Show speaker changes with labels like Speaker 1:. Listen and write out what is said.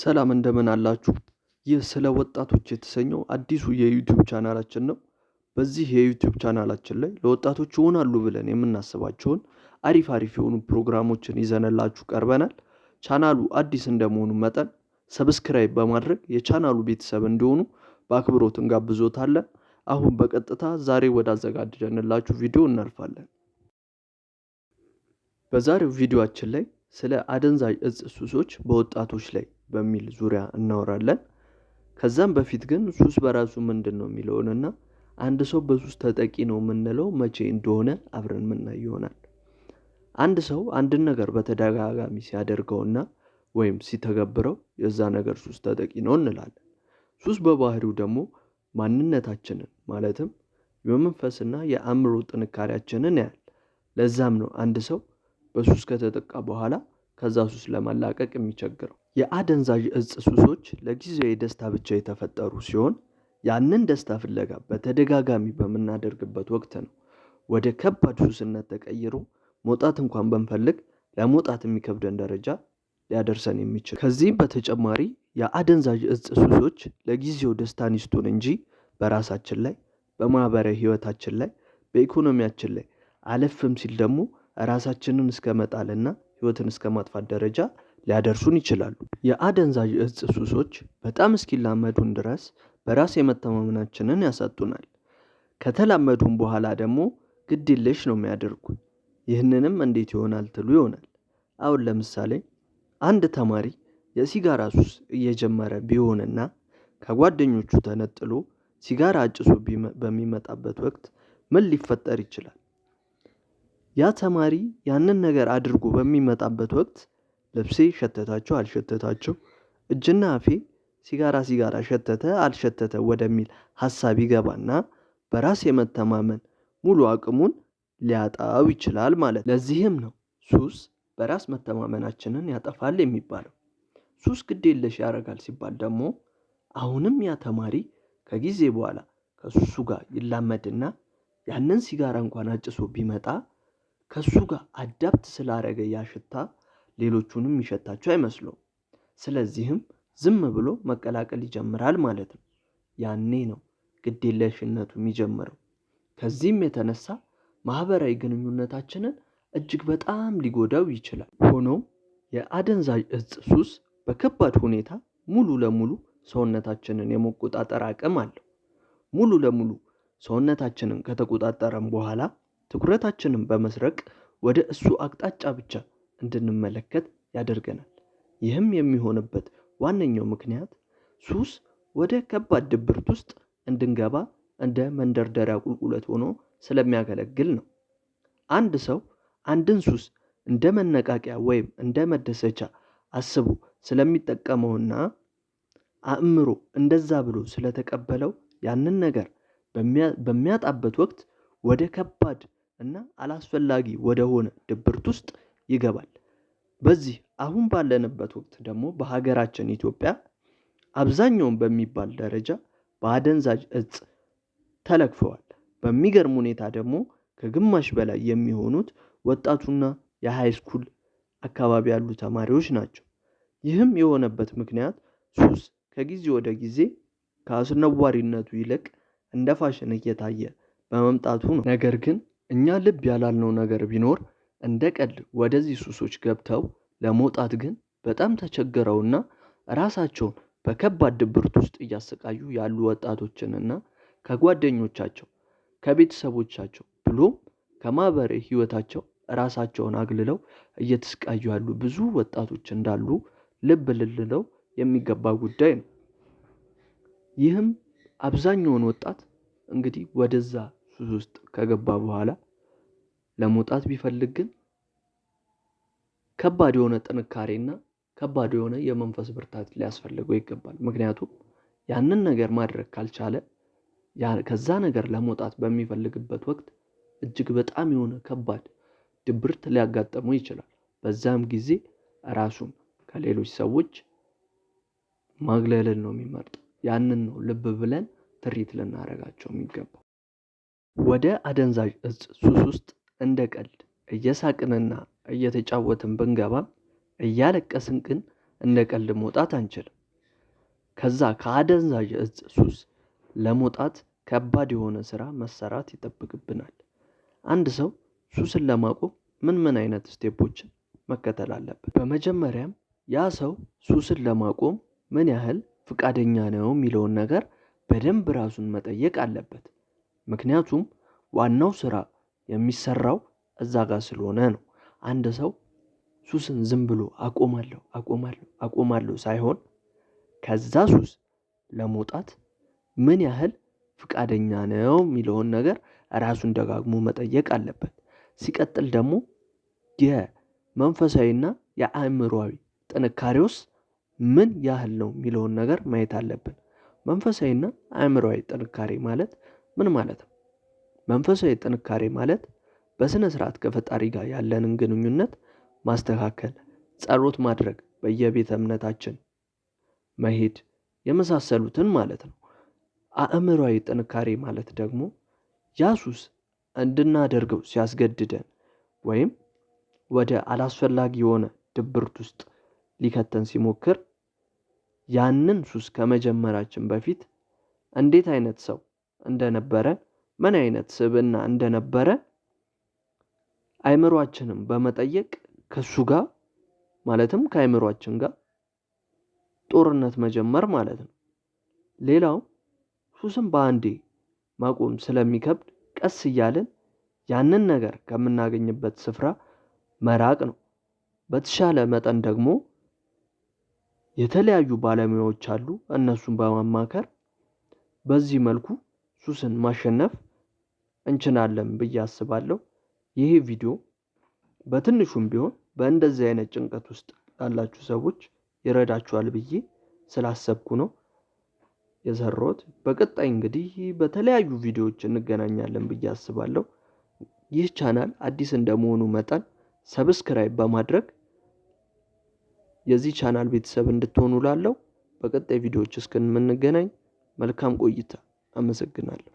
Speaker 1: ሰላም እንደምን አላችሁ? ይህ ስለ ወጣቶች የተሰኘው አዲሱ የዩቲዩብ ቻናላችን ነው። በዚህ የዩቲዩብ ቻናላችን ላይ ለወጣቶች ይሆናሉ ብለን የምናስባቸውን አሪፍ አሪፍ የሆኑ ፕሮግራሞችን ይዘንላችሁ ቀርበናል። ቻናሉ አዲስ እንደመሆኑ መጠን ሰብስክራይብ በማድረግ የቻናሉ ቤተሰብ እንዲሆኑ በአክብሮት እንጋብዞታለን። አሁን በቀጥታ ዛሬ ወዳዘጋጀንላችሁ ቪዲዮ እናልፋለን። በዛሬው ቪዲዮችን ላይ ስለ አደንዛዥ እጽ ሱሶች በወጣቶች ላይ በሚል ዙሪያ እናወራለን። ከዛም በፊት ግን ሱስ በራሱ ምንድን ነው የሚለውንና አንድ ሰው በሱስ ተጠቂ ነው የምንለው መቼ እንደሆነ አብረን የምናይ ይሆናል። አንድ ሰው አንድን ነገር በተደጋጋሚ ሲያደርገውና ወይም ሲተገብረው የዛ ነገር ሱስ ተጠቂ ነው እንላለን። ሱስ በባህሪው ደግሞ ማንነታችንን ማለትም የመንፈስና የአእምሮ ጥንካሬያችንን ያህል። ለዛም ነው አንድ ሰው በሱስ ከተጠቃ በኋላ ከዛ ሱስ ለማላቀቅ የሚቸግረው። የአደንዛዥ እጽ ሱሶች ለጊዜያዊ ደስታ ብቻ የተፈጠሩ ሲሆን ያንን ደስታ ፍለጋ በተደጋጋሚ በምናደርግበት ወቅት ነው ወደ ከባድ ሱስነት ተቀይሮ መውጣት እንኳን ብንፈልግ ለመውጣት የሚከብደን ደረጃ ሊያደርሰን የሚችል። ከዚህም በተጨማሪ የአደንዛዥ እጽ ሱሶች ለጊዜው ደስታን ይስጡን እንጂ በራሳችን ላይ፣ በማህበራዊ ህይወታችን ላይ፣ በኢኮኖሚያችን ላይ አለፍም ሲል ደግሞ ራሳችንን እስከ መጣልና ህይወትን እስከ ማጥፋት ደረጃ ሊያደርሱን ይችላሉ። የአደንዛዥ እጽ ሱሶች በጣም እስኪላመዱን ድረስ በራስ የመተማመናችንን ያሳጡናል። ከተላመዱን በኋላ ደግሞ ግድልሽ ነው የሚያደርጉን። ይህንንም እንዴት ይሆናል ትሉ ይሆናል። አሁን ለምሳሌ አንድ ተማሪ የሲጋራ ሱስ እየጀመረ ቢሆንና ከጓደኞቹ ተነጥሎ ሲጋራ አጭሶ በሚመጣበት ወቅት ምን ሊፈጠር ይችላል? ያ ተማሪ ያንን ነገር አድርጎ በሚመጣበት ወቅት ልብሴ ሸተታቸው አልሸተታቸው እጅና አፌ ሲጋራ ሲጋራ ሸተተ አልሸተተ ወደሚል ሀሳብ ይገባና በራስ የመተማመን ሙሉ አቅሙን ሊያጣው ይችላል ማለት ነው። ለዚህም ነው ሱስ በራስ መተማመናችንን ያጠፋል የሚባለው። ሱስ ግዴለሽ ያደርጋል ሲባል ደግሞ አሁንም ያ ተማሪ ከጊዜ በኋላ ከሱሱ ጋር ይላመድና ያንን ሲጋራ እንኳን አጭሶ ቢመጣ ከሱ ጋር አዳብት ስላደረገ ያሽታ። ሽታ ሌሎቹንም የሚሸታቸው አይመስለውም። ስለዚህም ዝም ብሎ መቀላቀል ይጀምራል ማለት ነው። ያኔ ነው ግዴለሽነቱ የሚጀምረው። ከዚህም የተነሳ ማህበራዊ ግንኙነታችንን እጅግ በጣም ሊጎዳው ይችላል። ሆኖም የአደንዛዥ እጽ ሱስ በከባድ ሁኔታ ሙሉ ለሙሉ ሰውነታችንን የመቆጣጠር አቅም አለው። ሙሉ ለሙሉ ሰውነታችንን ከተቆጣጠረም በኋላ ትኩረታችንን በመስረቅ ወደ እሱ አቅጣጫ ብቻ እንድንመለከት ያደርገናል። ይህም የሚሆንበት ዋነኛው ምክንያት ሱስ ወደ ከባድ ድብርት ውስጥ እንድንገባ እንደ መንደርደሪያ ቁልቁለት ሆኖ ስለሚያገለግል ነው። አንድ ሰው አንድን ሱስ እንደ መነቃቂያ ወይም እንደ መደሰቻ አስቦ ስለሚጠቀመውና አእምሮ እንደዛ ብሎ ስለተቀበለው ያንን ነገር በሚያጣበት ወቅት ወደ ከባድ እና አላስፈላጊ ወደሆነ ድብርት ውስጥ ይገባል። በዚህ አሁን ባለንበት ወቅት ደግሞ በሀገራችን ኢትዮጵያ አብዛኛውን በሚባል ደረጃ በአደንዛዥ እጽ ተለክፈዋል። በሚገርም ሁኔታ ደግሞ ከግማሽ በላይ የሚሆኑት ወጣቱና የሃይስኩል አካባቢ ያሉ ተማሪዎች ናቸው። ይህም የሆነበት ምክንያት ሱስ ከጊዜ ወደ ጊዜ ከአስነዋሪነቱ ይልቅ እንደ ፋሽን እየታየ በመምጣቱ ነው። ነገር ግን እኛ ልብ ያላልነው ነገር ቢኖር እንደ ቀልድ ወደዚህ ሱሶች ገብተው ለመውጣት ግን በጣም ተቸግረውና ራሳቸውን በከባድ ድብርት ውስጥ እያሰቃዩ ያሉ ወጣቶችንና ከጓደኞቻቸው ከቤተሰቦቻቸው ብሎም ከማህበራዊ ህይወታቸው ራሳቸውን አግልለው እየተሰቃዩ ያሉ ብዙ ወጣቶች እንዳሉ ልብ ልልለው የሚገባ ጉዳይ ነው። ይህም አብዛኛውን ወጣት እንግዲህ ወደዛ ሱስ ውስጥ ከገባ በኋላ ለመውጣት ቢፈልግ ግን ከባድ የሆነ ጥንካሬና ከባድ የሆነ የመንፈስ ብርታት ሊያስፈልገው ይገባል። ምክንያቱም ያንን ነገር ማድረግ ካልቻለ ከዛ ነገር ለመውጣት በሚፈልግበት ወቅት እጅግ በጣም የሆነ ከባድ ድብርት ሊያጋጥመው ይችላል። በዛም ጊዜ ራሱን ከሌሎች ሰዎች ማግለልን ነው የሚመርጥ ያንን ነው ልብ ብለን ትሪት ልናደርጋቸው የሚገባው። ወደ አደንዛዥ እጽ ሱስ ውስጥ እንደ ቀልድ እየሳቅንና እየተጫወትን ብንገባም እያለቀስን ግን እንደ ቀልድ መውጣት አንችልም። ከዛ ከአደንዛዥ እጽ ሱስ ለመውጣት ከባድ የሆነ ስራ መሰራት ይጠብቅብናል። አንድ ሰው ሱስን ለማቆም ምን ምን አይነት ስቴፖችን መከተል አለበት? በመጀመሪያም ያ ሰው ሱስን ለማቆም ምን ያህል ፍቃደኛ ነው የሚለውን ነገር በደንብ ራሱን መጠየቅ አለበት። ምክንያቱም ዋናው ስራ የሚሰራው እዛ ጋር ስለሆነ ነው። አንድ ሰው ሱስን ዝም ብሎ አቆማለሁ አቆማለሁ አቆማለሁ ሳይሆን ከዛ ሱስ ለመውጣት ምን ያህል ፍቃደኛ ነው የሚለውን ነገር ራሱን ደጋግሞ መጠየቅ አለበት። ሲቀጥል ደግሞ የመንፈሳዊና የአእምሯዊ ጥንካሬውስ ምን ያህል ነው የሚለውን ነገር ማየት አለብን። መንፈሳዊና አእምሯዊ ጥንካሬ ማለት ምን ማለት ነው? መንፈሳዊ ጥንካሬ ማለት በሥነ ሥርዓት ከፈጣሪ ጋር ያለንን ግንኙነት ማስተካከል፣ ጸሎት ማድረግ፣ በየቤተ እምነታችን መሄድ የመሳሰሉትን ማለት ነው። አእምሯዊ ጥንካሬ ማለት ደግሞ ያ ሱስ እንድናደርገው ሲያስገድደን ወይም ወደ አላስፈላጊ የሆነ ድብርት ውስጥ ሊከተን ሲሞክር ያንን ሱስ ከመጀመራችን በፊት እንዴት አይነት ሰው እንደነበረን ምን አይነት ስብዕና እንደነበረ አይምሯችንም በመጠየቅ ከሱ ጋር ማለትም ከአይምሯችን ጋር ጦርነት መጀመር ማለት ነው። ሌላው ሱስም በአንዴ ማቆም ስለሚከብድ ቀስ እያለን ያንን ነገር ከምናገኝበት ስፍራ መራቅ ነው። በተሻለ መጠን ደግሞ የተለያዩ ባለሙያዎች አሉ። እነሱን በማማከር በዚህ መልኩ ሱስን ማሸነፍ እንችናለን ብዬ አስባለሁ። ይሄ ቪዲዮ በትንሹም ቢሆን በእንደዚህ አይነት ጭንቀት ውስጥ ላላችሁ ሰዎች ይረዳችኋል ብዬ ስላሰብኩ ነው የሰራሁት። በቀጣይ እንግዲህ በተለያዩ ቪዲዮዎች እንገናኛለን ብዬ አስባለሁ። ይህ ቻናል አዲስ እንደመሆኑ መጠን ሰብስክራይብ በማድረግ የዚህ ቻናል ቤተሰብ እንድትሆኑ ላለው በቀጣይ ቪዲዮዎች እስክንምንገናኝ መልካም ቆይታ። አመሰግናለሁ።